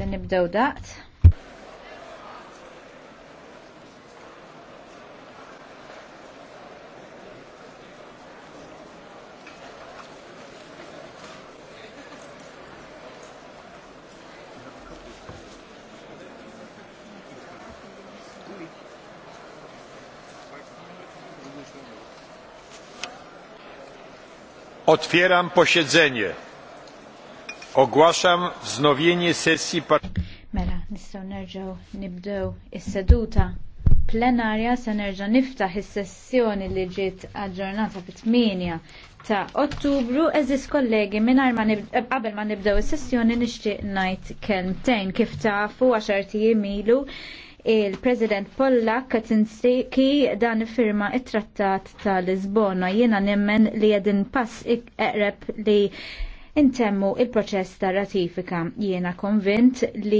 se nibdew daqt. Otwieram posiedzenie. Ogłaszam wznowienie sesji Mela, nistgħu nerġgħu nibdew is-seduta plenarja se nerġa' niftaħ is-sessjoni li ġiet aġġornata fit-8 ta' Ottubru eżis kollegi mingħajr ma eh, qabel ma nibdew is-sessjoni nixtieq ngħid kelmtejn kif tafu għaxarti ilu il-President Pollak insiki dan firma it-trattat ta' Lisbona jiena nemmen li qegħdin pass eqreb li intemmu il-proċess ta' ratifika. Jiena konvint li